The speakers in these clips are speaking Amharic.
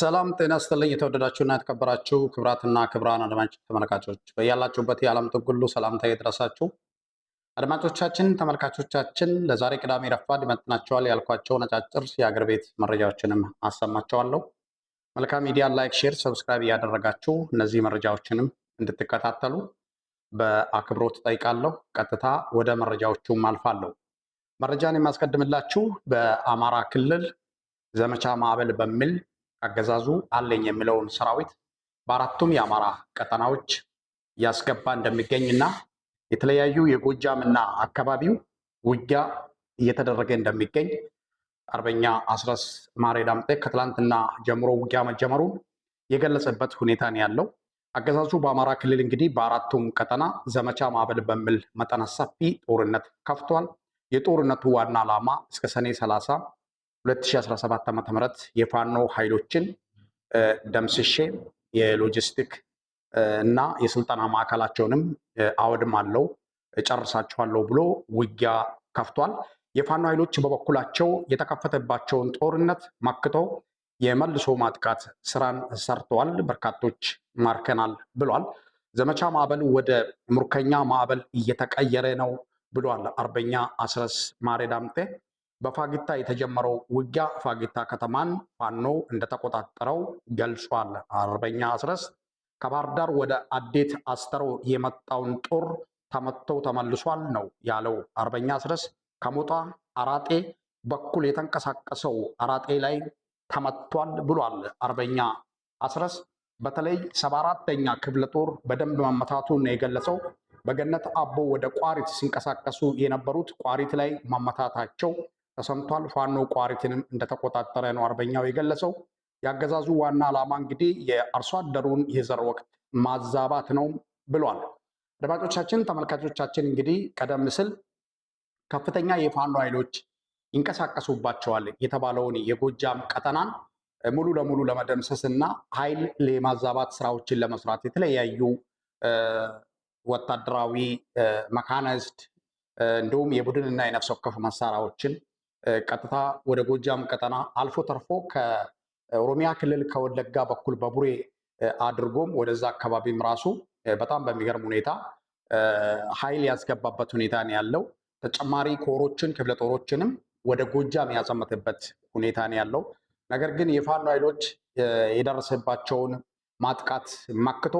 ሰላም ጤና ይስጥልኝ። የተወደዳችሁና የተከበራችሁ ክብራትና ክብራን አድማጭ ተመልካቾች በያላችሁበት የዓለም ጥግ ሁሉ ሰላምታ የድረሳችሁ አድማጮቻችን፣ ተመልካቾቻችን ለዛሬ ቅዳሜ ረፋድ ይመጥናቸዋል ያልኳቸው ነጫጭር የአገር ቤት መረጃዎችንም አሰማቸዋለሁ። መልካም ሚዲያ ላይክ፣ ሼር፣ ሰብስክራይብ እያደረጋችሁ እነዚህ መረጃዎችንም እንድትከታተሉ በአክብሮት ጠይቃለሁ። ቀጥታ ወደ መረጃዎቹም አልፋለሁ። መረጃን የማስቀድምላችሁ በአማራ ክልል ዘመቻ ማዕበል በሚል አገዛዙ አለኝ የሚለውን ሰራዊት በአራቱም የአማራ ቀጠናዎች እያስገባ እንደሚገኝ የተለያዩ የጎጃም አካባቢው ውጊያ እየተደረገ እንደሚገኝ አርበኛ አስረስ ማሬ ዳምጤ ከትላንትና ጀምሮ ውጊያ መጀመሩን የገለጸበት ሁኔታ ነው ያለው። አገዛዙ በአማራ ክልል እንግዲህ በአራቱም ቀጠና ዘመቻ ማዕበል በሚል መጠነ ሰፊ ጦርነት ከፍቷል። የጦርነቱ ዋና ዓላማ እስከ ሰኔ 30 2017 ዓ ም የፋኖ ኃይሎችን ደምስሼ የሎጂስቲክ እና የስልጠና ማዕከላቸውንም አወድም አለው ጨርሳችኋለሁ ብሎ ውጊያ ከፍቷል። የፋኖ ኃይሎች በበኩላቸው የተከፈተባቸውን ጦርነት መክተው የመልሶ ማጥቃት ስራን ሰርተዋል፣ በርካቶች ማርከናል ብሏል። ዘመቻ ማዕበል ወደ ሙርከኛ ማዕበል እየተቀየረ ነው ብሏል አርበኛ አስረስ ማሬ ዳምጤ። በፋግታ የተጀመረው ውጊያ ፋግታ ከተማን ፋኖ እንደተቆጣጠረው ገልጿል። አርበኛ አስረስ ከባህር ዳር ወደ አዴት አስተሮ የመጣውን ጦር ተመተው ተመልሷል ነው ያለው። አርበኛ አስረስ ከሞጣ አራጤ በኩል የተንቀሳቀሰው አራጤ ላይ ተመቷል ብሏል። አርበኛ አስረስ በተለይ ሰባ አራተኛ ክፍለ ጦር በደንብ መመታቱን ነው የገለጸው። በገነት አቦ ወደ ቋሪት ሲንቀሳቀሱ የነበሩት ቋሪት ላይ መመታታቸው ተሰምቷል። ፋኖ ቋሪትንም እንደተቆጣጠረ ነው አርበኛው የገለጸው። ያገዛዙ ዋና ዓላማ እንግዲህ የአርሶ አደሩን የዘር ወቅት ማዛባት ነው ብሏል። አድማጮቻችን፣ ተመልካቾቻችን እንግዲህ ቀደም ሲል ከፍተኛ የፋኖ ኃይሎች ይንቀሳቀሱባቸዋል የተባለውን የጎጃም ቀጠናን ሙሉ ለሙሉ ለመደምሰስ እና ኃይል ለማዛባት ስራዎችን ለመስራት የተለያዩ ወታደራዊ መካናይዝድ እንዲሁም የቡድንና የነፍስ ወከፍ መሳሪያዎችን ቀጥታ ወደ ጎጃም ቀጠና አልፎ ተርፎ ከኦሮሚያ ክልል ከወለጋ በኩል በቡሬ አድርጎም ወደዛ አካባቢም ራሱ በጣም በሚገርም ሁኔታ ኃይል ያስገባበት ሁኔታ ነው ያለው። ተጨማሪ ኮሮችን ክፍለ ጦሮችንም ወደ ጎጃም ያዘመተበት ሁኔታ ነው ያለው። ነገር ግን የፋኖ ኃይሎች የደረሰባቸውን ማጥቃት መክቶ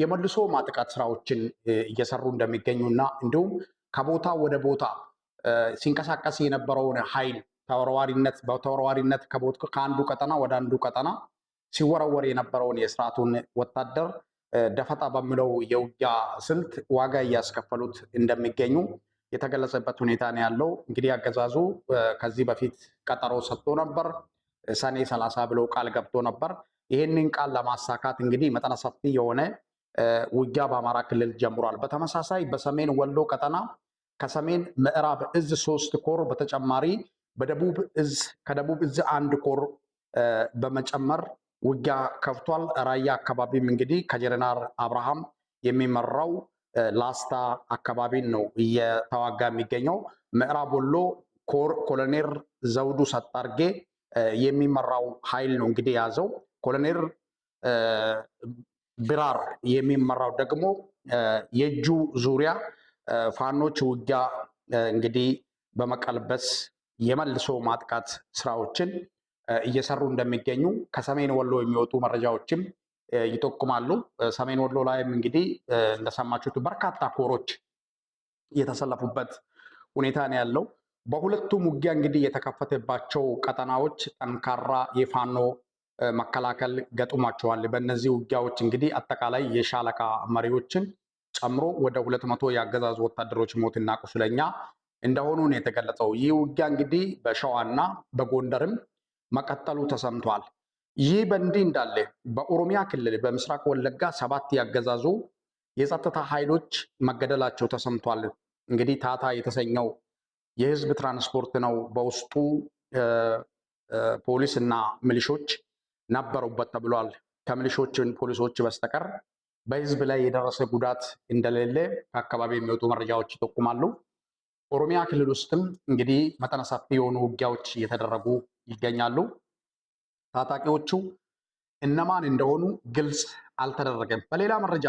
የመልሶ ማጥቃት ስራዎችን እየሰሩ እንደሚገኙ እና እንዲሁም ከቦታ ወደ ቦታ ሲንቀሳቀስ የነበረውን ኃይል ተወርዋሪነት በተወርዋሪነት ከአንዱ ቀጠና ወደ አንዱ ቀጠና ሲወረወር የነበረውን የስርዓቱን ወታደር ደፈጣ በሚለው የውጊያ ስልት ዋጋ እያስከፈሉት እንደሚገኙ የተገለጸበት ሁኔታ ነው ያለው። እንግዲህ አገዛዙ ከዚህ በፊት ቀጠሮ ሰጥቶ ነበር። ሰኔ ሰላሳ ብለው ቃል ገብቶ ነበር። ይህንን ቃል ለማሳካት እንግዲህ መጠነ ሰፊ የሆነ ውጊያ በአማራ ክልል ጀምሯል። በተመሳሳይ በሰሜን ወሎ ቀጠና ከሰሜን ምዕራብ እዝ ሶስት ኮር በተጨማሪ በደቡብ እዝ ከደቡብ እዝ አንድ ኮር በመጨመር ውጊያ ከፍቷል። ራያ አካባቢም እንግዲህ ከጀነራል አብርሃም የሚመራው ላስታ አካባቢን ነው እየተዋጋ የሚገኘው። ምዕራብ ወሎ ኮሎኔል ዘውዱ ሰጣርጌ የሚመራው ኃይል ነው እንግዲህ የያዘው። ኮሎኔል ቢራር የሚመራው ደግሞ የእጁ ዙሪያ ፋኖች ውጊያ እንግዲህ በመቀልበስ የመልሶ ማጥቃት ስራዎችን እየሰሩ እንደሚገኙ ከሰሜን ወሎ የሚወጡ መረጃዎችም ይጠቁማሉ። ሰሜን ወሎ ላይም እንግዲህ እንደሰማችሁት በርካታ ኮሮች የተሰለፉበት ሁኔታ ነው ያለው። በሁለቱም ውጊያ እንግዲህ የተከፈተባቸው ቀጠናዎች ጠንካራ የፋኖ መከላከል ገጥሟቸዋል። በእነዚህ ውጊያዎች እንግዲህ አጠቃላይ የሻለቃ መሪዎችን ጨምሮ ወደ ሁለት መቶ የአገዛዙ ወታደሮች ሞትና ቁስለኛ እንደሆኑ ነው የተገለጸው። ይህ ውጊያ እንግዲህ በሸዋና በጎንደርም መቀጠሉ ተሰምቷል። ይህ በእንዲህ እንዳለ በኦሮሚያ ክልል በምስራቅ ወለጋ ሰባት ያገዛዙ የጸጥታ ኃይሎች መገደላቸው ተሰምቷል። እንግዲህ ታታ የተሰኘው የህዝብ ትራንስፖርት ነው። በውስጡ ፖሊስ እና ሚሊሾች ነበሩበት ተብሏል። ከሚሊሾችን ፖሊሶች በስተቀር በህዝብ ላይ የደረሰ ጉዳት እንደሌለ ከአካባቢ የሚወጡ መረጃዎች ይጠቁማሉ። ኦሮሚያ ክልል ውስጥም እንግዲህ መጠነ ሰፊ የሆኑ ውጊያዎች እየተደረጉ ይገኛሉ። ታጣቂዎቹ እነማን እንደሆኑ ግልጽ አልተደረገም። በሌላ መረጃ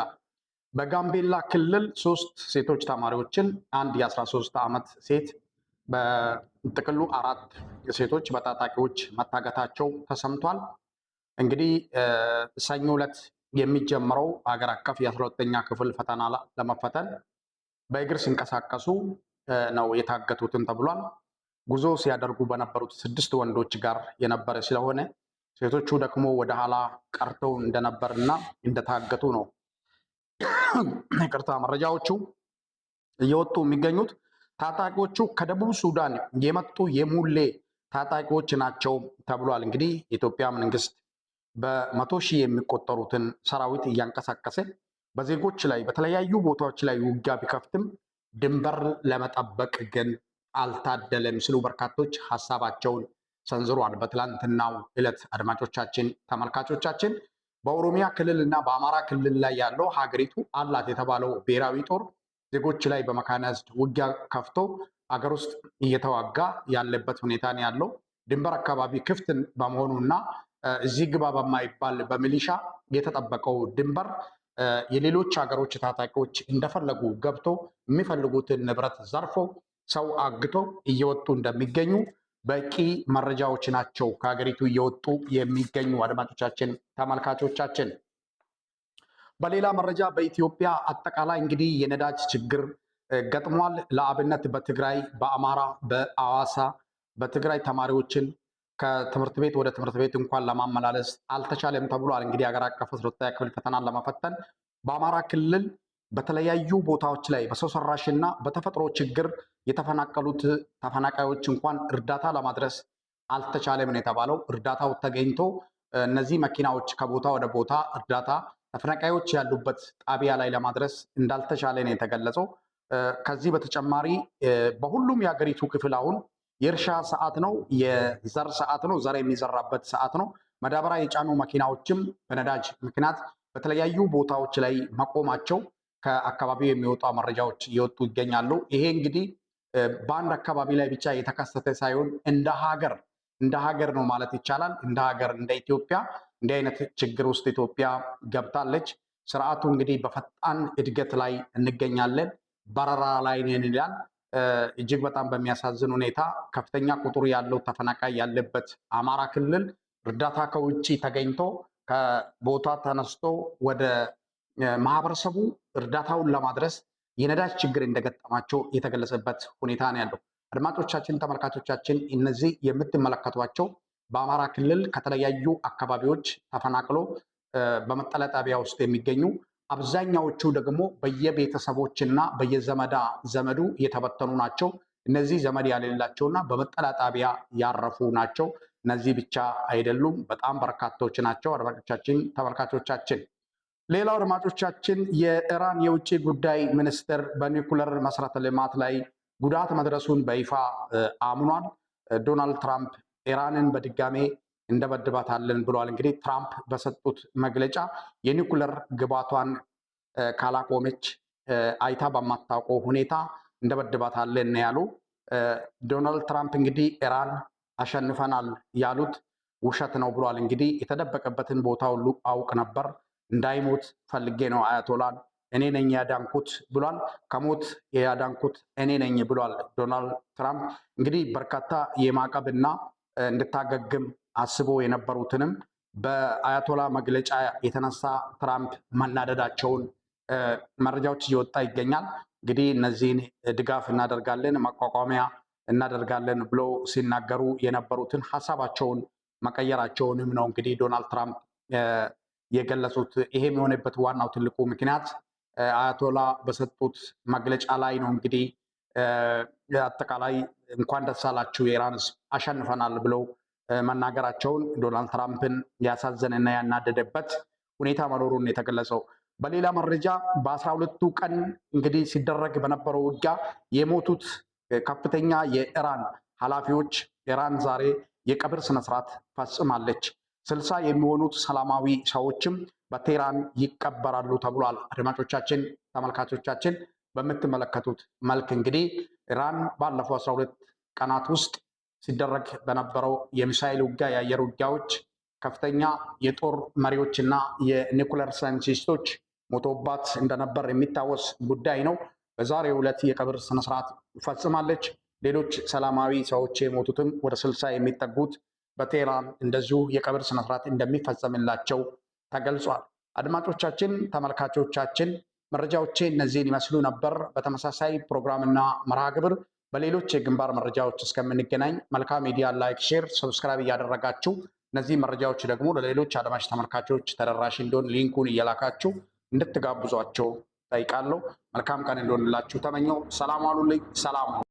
በጋምቤላ ክልል ሶስት ሴቶች ተማሪዎችን አንድ የ13 ዓመት ሴት በጥቅሉ አራት ሴቶች በታጣቂዎች መታገታቸው ተሰምቷል። እንግዲህ ሰኞ ዕለት የሚጀምረው ሀገር አቀፍ ሁለተኛ ክፍል ፈተና ለመፈተን በእግር ሲንቀሳቀሱ ነው የታገቱትን ተብሏል። ጉዞ ሲያደርጉ በነበሩት ስድስት ወንዶች ጋር የነበረ ስለሆነ ሴቶቹ ደግሞ ወደ ኋላ ቀርተው እንደነበርና እንደታገቱ ነው ይቅርታ መረጃዎቹ እየወጡ የሚገኙት። ታጣቂዎቹ ከደቡብ ሱዳን የመጡ የሙሌ ታጣቂዎች ናቸው ተብሏል። እንግዲህ የኢትዮጵያ መንግስት በመቶ ሺህ የሚቆጠሩትን ሰራዊት እያንቀሳቀሰ በዜጎች ላይ በተለያዩ ቦታዎች ላይ ውጊያ ቢከፍትም ድንበር ለመጠበቅ ግን አልታደለም ሲሉ በርካቶች ሀሳባቸውን ሰንዝሯል። በትላንትናው ዕለት አድማጮቻችን፣ ተመልካቾቻችን በኦሮሚያ ክልል እና በአማራ ክልል ላይ ያለው ሀገሪቱ አላት የተባለው ብሔራዊ ጦር ዜጎች ላይ በመካናይዝድ ውጊያ ከፍቶ ሀገር ውስጥ እየተዋጋ ያለበት ሁኔታ ያለው። ድንበር አካባቢ ክፍት በመሆኑ እና እዚህ ግባ በማይባል በሚሊሻ የተጠበቀው ድንበር የሌሎች ሀገሮች ታጣቂዎች እንደፈለጉ ገብቶ የሚፈልጉትን ንብረት ዘርፎ ሰው አግቶ እየወጡ እንደሚገኙ በቂ መረጃዎች ናቸው ከሀገሪቱ እየወጡ የሚገኙ። አድማጮቻችን፣ ተመልካቾቻችን በሌላ መረጃ በኢትዮጵያ አጠቃላይ እንግዲህ የነዳጅ ችግር ገጥሟል። ለአብነት በትግራይ፣ በአማራ፣ በአዋሳ በትግራይ ተማሪዎችን ከትምህርት ቤት ወደ ትምህርት ቤት እንኳን ለማመላለስ አልተቻለም ተብሏል። እንግዲህ ሀገር አቀፍ አስራ ክፍል ፈተናን ለመፈተን በአማራ ክልል በተለያዩ ቦታዎች ላይ በሰው እና በተፈጥሮ ችግር የተፈናቀሉት ተፈናቃዮች እንኳን እርዳታ ለማድረስ አልተቻለም ነው የተባለው። እርዳታው ተገኝቶ እነዚህ መኪናዎች ከቦታ ወደ ቦታ እርዳታ ተፈናቃዮች ያሉበት ጣቢያ ላይ ለማድረስ እንዳልተቻለ ነው የተገለጸው። ከዚህ በተጨማሪ በሁሉም የሀገሪቱ ክፍል አሁን የእርሻ ሰዓት ነው። የዘር ሰዓት ነው። ዘር የሚዘራበት ሰዓት ነው። መዳበራ የጫኑ መኪናዎችም በነዳጅ ምክንያት በተለያዩ ቦታዎች ላይ መቆማቸው ከአካባቢው የሚወጡ መረጃዎች እየወጡ ይገኛሉ። ይሄ እንግዲህ በአንድ አካባቢ ላይ ብቻ የተከሰተ ሳይሆን እንደ ሀገር እንደ ሀገር ነው ማለት ይቻላል። እንደ ሀገር እንደ ኢትዮጵያ እንዲህ አይነት ችግር ውስጥ ኢትዮጵያ ገብታለች። ስርዓቱ እንግዲህ በፈጣን እድገት ላይ እንገኛለን፣ በረራ ላይ ነን ይላል። እጅግ በጣም በሚያሳዝን ሁኔታ ከፍተኛ ቁጥር ያለው ተፈናቃይ ያለበት አማራ ክልል እርዳታ ከውጭ ተገኝቶ ከቦታ ተነስቶ ወደ ማህበረሰቡ እርዳታውን ለማድረስ የነዳጅ ችግር እንደገጠማቸው የተገለጸበት ሁኔታ ነው ያለው። አድማጮቻችን፣ ተመልካቾቻችን እነዚህ የምትመለከቷቸው በአማራ ክልል ከተለያዩ አካባቢዎች ተፈናቅሎ በመጠለያ ጣቢያ ውስጥ የሚገኙ አብዛኛዎቹ ደግሞ በየቤተሰቦችና በየዘመዳ ዘመዱ የተበተኑ ናቸው። እነዚህ ዘመድ ያሌላቸውና በመጠላጣቢያ ያረፉ ናቸው። እነዚህ ብቻ አይደሉም፣ በጣም በርካቶች ናቸው። አድማጮቻችን፣ ተመልካቾቻችን ሌላው አድማጮቻችን የኢራን የውጭ ጉዳይ ሚኒስትር በኒኩለር መሰረተ ልማት ላይ ጉዳት መድረሱን በይፋ አምኗል። ዶናልድ ትራምፕ ኢራንን በድጋሜ እንደበድባታለን ብለዋል። እንግዲህ ትራምፕ በሰጡት መግለጫ የኒኩለር ግባቷን ካላቆመች አይታ በማታውቀው ሁኔታ እንደበድባታለን ያሉ ዶናልድ ትራምፕ እንግዲህ ኢራን አሸንፈናል ያሉት ውሸት ነው ብሏል። እንግዲህ የተደበቀበትን ቦታ ሁሉ አውቅ ነበር፣ እንዳይሞት ፈልጌ ነው አያቶላን እኔ ነኝ ያዳንኩት ብሏል። ከሞት ያዳንኩት እኔ ነኝ ብሏል ዶናልድ ትራምፕ። እንግዲህ በርካታ የማዕቀብና እንድታገግም አስቦ የነበሩትንም በአያቶላ መግለጫ የተነሳ ትራምፕ መናደዳቸውን መረጃዎች እየወጣ ይገኛል። እንግዲህ እነዚህን ድጋፍ እናደርጋለን፣ መቋቋሚያ እናደርጋለን ብለው ሲናገሩ የነበሩትን ሀሳባቸውን መቀየራቸውንም ነው እንግዲህ ዶናልድ ትራምፕ የገለጹት። ይሄም የሆነበት ዋናው ትልቁ ምክንያት አያቶላ በሰጡት መግለጫ ላይ ነው እንግዲህ አጠቃላይ እንኳን ደስ አላችሁ የኢራን አሸንፈናል ብለው መናገራቸውን ዶናልድ ትራምፕን ያሳዘነና ያናደደበት ሁኔታ መኖሩን የተገለጸው። በሌላ መረጃ በአስራ ሁለቱ ቀን እንግዲህ ሲደረግ በነበረው ውጊያ የሞቱት ከፍተኛ የኢራን ኃላፊዎች ኢራን ዛሬ የቀብር ስነስርዓት ፈጽማለች። ስልሳ የሚሆኑት ሰላማዊ ሰዎችም በቴህራን ይቀበራሉ ተብሏል። አድማጮቻችን፣ ተመልካቾቻችን በምትመለከቱት መልክ እንግዲህ ኢራን ባለፈው አስራ ሁለት ቀናት ውስጥ ሲደረግ በነበረው የሚሳይል ውጊያ የአየር ውጊያዎች ከፍተኛ የጦር መሪዎች እና የኒኩለር ሳይንቲስቶች ሞቶባት እንደነበር የሚታወስ ጉዳይ ነው። በዛሬው ዕለት የቀብር ስነስርዓት ፈጽማለች። ሌሎች ሰላማዊ ሰዎች የሞቱትም ወደ ስልሳ የሚጠጉት በቴህራን እንደዚሁ የቀብር ስነስርዓት እንደሚፈጸምላቸው ተገልጿል። አድማጮቻችን፣ ተመልካቾቻችን መረጃዎቼ እነዚህን ይመስሉ ነበር። በተመሳሳይ ፕሮግራምና መርሃ ግብር በሌሎች የግንባር መረጃዎች እስከምንገናኝ መልካም ሚዲያ ላይክ፣ ሼር፣ ሰብስክራይብ እያደረጋችሁ እነዚህ መረጃዎች ደግሞ ለሌሎች አድማጭ ተመልካቾች ተደራሽ እንዲሆን ሊንኩን እየላካችሁ እንድትጋብዟቸው ጠይቃለሁ። መልካም ቀን እንደሆንላችሁ ተመኘው። ሰላም አሉልኝ። ሰላም